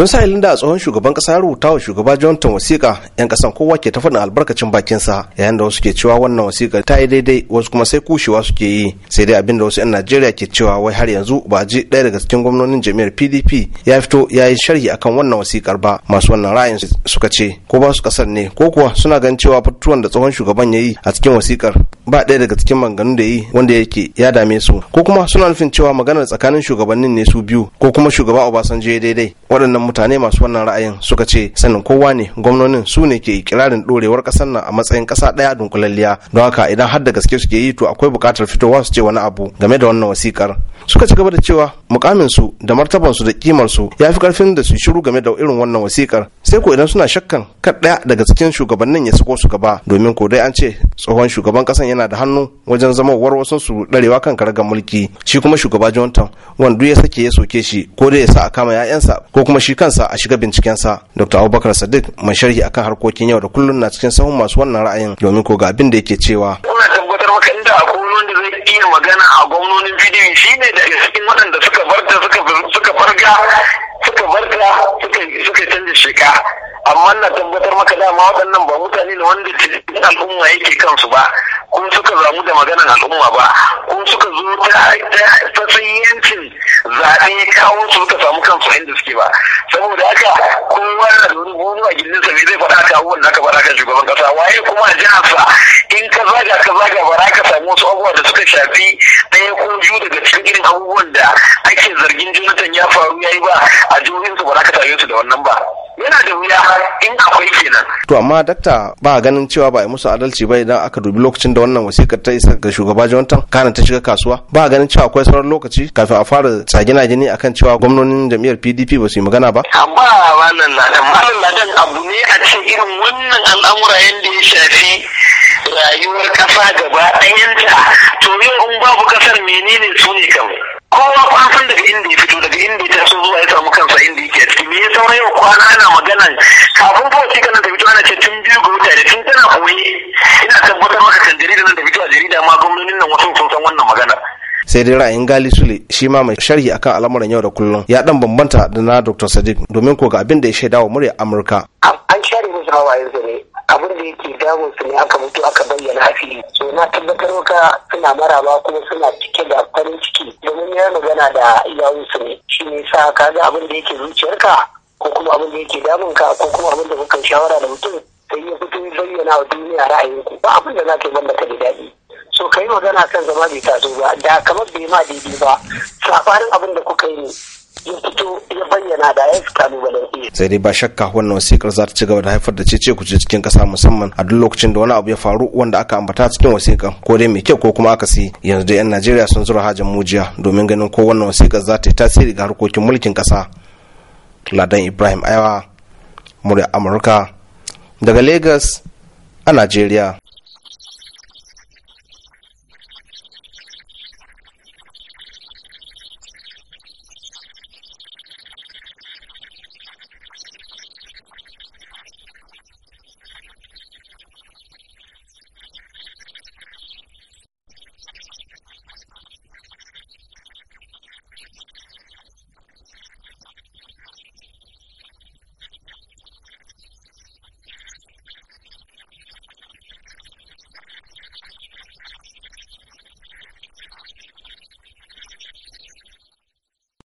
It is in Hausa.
tun sa da tsohon shugaban kasa ya rubuta wa shugaba johnson wasiƙa yan kasan kowa ke ta faɗin albarkacin bakinsa yayin da wasu ke cewa wannan wasiƙa ta yi daidai wasu kuma sai kushewa suke yi sai dai abin da wasu 'yan najeriya ke cewa wai har yanzu ba ji ɗaya daga cikin gwamnonin jami'ar pdp ya fito ya yi sharhi akan wannan wasiƙar ba masu wannan ra'ayin suka ce ko ba su kasar ne ko kuwa suna ganin cewa fituwan da tsohon shugaban ya yi a cikin wasiƙar ba ɗaya daga cikin maganganun da yi wanda yake ya dame su ko kuma suna nufin cewa maganar tsakanin shugabannin ne su biyu ko kuma shugaba obasanjo ya daidai waɗannan mutane masu wannan ra'ayin suka ce sanin kowa ne gwamnonin su ne ke ikirarin ɗorewar kasar nan a matsayin kasa daya dunkulalliya don haka idan har da gaske suke yi to akwai bukatar fitowa su ce wani abu game da wannan wasikar suka ci gaba da cewa mukamin su da martaban su da kimar su ya fi karfin da su shiru game da irin wannan wasikar sai ko idan suna shakkan kan ɗaya daga cikin shugabannin ya sako su gaba domin ko dai an ce tsohon shugaban kasan yana da hannu wajen zama wasu su darewa kan karagar mulki shi kuma shugaba jontan wanda ya sake ya soke shi ko dai ya sa a kama 'ya'yansa ko kuma shi kansa a shiga bincikensa dr abubakar sadiq mai sharhi akan harkokin yau da kullum na cikin sahun masu wannan ra'ayin domin ko ga abin da yake cewa tabbatar maka inda a wanda zai iya magana a gwamnonin bidiyo shi ne daga cikin waɗanda suka barta suka farga suka suka canza sheka amma na tabbatar maka dama waɗannan ba mutane ne wanda al'umma yake kansu ba ko suka zamu da maganar al'umma ba ko suka zo ta san yancin zaɓe ya kawo su suka samu kansu inda suke ba saboda haka kowa na da wani gudu a gindinsa me zai faɗa ka abubuwan da aka faɗa kan shugaban ƙasa waye kuma a jiharsa in ka za zaga ka zaga ba ka samu wasu abubuwa da suka shafi ɗaya ko biyu daga cikin irin abubuwan da ake zargin jonathan ya faru ya yi ba a jihohinsu ba za ka same su da wannan ba yana da wuya in akwai kenan. to amma dakta ba ganin cewa ba a musu adalci ba idan aka dubi lokacin da wannan wasikar ta isa ga shugaba jonathan kana ta shiga kasuwa ba ganin cewa akwai sauran lokaci kafin a fara tsagina gini akan cewa gwamnonin jam'iyyar pdp ba su yi magana ba. amma malam ladan malam ladan abu ne a cikin irin wannan al'amura yadda ya shafi rayuwar kasa gaba ɗayanta to yau in babu kasar menene su ne kam kowa kwan san daga inda ya fito daga inda ta taso zuwa ya samu kansa inda yake ciki me ya saura yau kwana ana magana kafin ko shi kana da fito ana ce tun biyu ga mutane tun tana koyi ina tabbatar maka kan jarida nan da fito a jarida ma gwamnonin nan wasu sun san wannan magana sai dai ra'ayin gali sule shi ma mai sharhi akan al'amuran yau da kullum ya dan bambanta da na dr sadiq domin ko ga abin da ya shaidawa murya amurka an share musu hawayen su ne abin da yake damun su ne aka mutu aka bayyana a fili so na tabbatar maka suna maraba kuma suna cike da farin ciki domin ya magana da iyawun su ne shi ne sa ka ga abin da yake zuciyarka ko kuma abin da yake damun ka ko kuma abin da kuka shawara da mutum sai ya fito ya bayyana wa duniya ra'ayinku ba abin da za ka yi banda ka daɗi so ka yi magana kan zama bai taso ba da kamar bai ma daidai ba safarin abin da kuka yi ne bayyana da ya fi iya. sai dai ba shakka wannan wasikar za ta ci gaba da haifar da cece kuce cikin ƙasa musamman a duk lokacin da wani abu ya faru wanda aka ambata cikin wasikar ko dai mai kyau ko kuma aka siyi. yanzu da 'yan najeriya sun zura hajin mujiya domin ganin ko wannan wasikar za ta yi tasiri ga harkokin mulkin ƙasa. ladan ibrahim aiwa murya amurka daga lagos a najeriya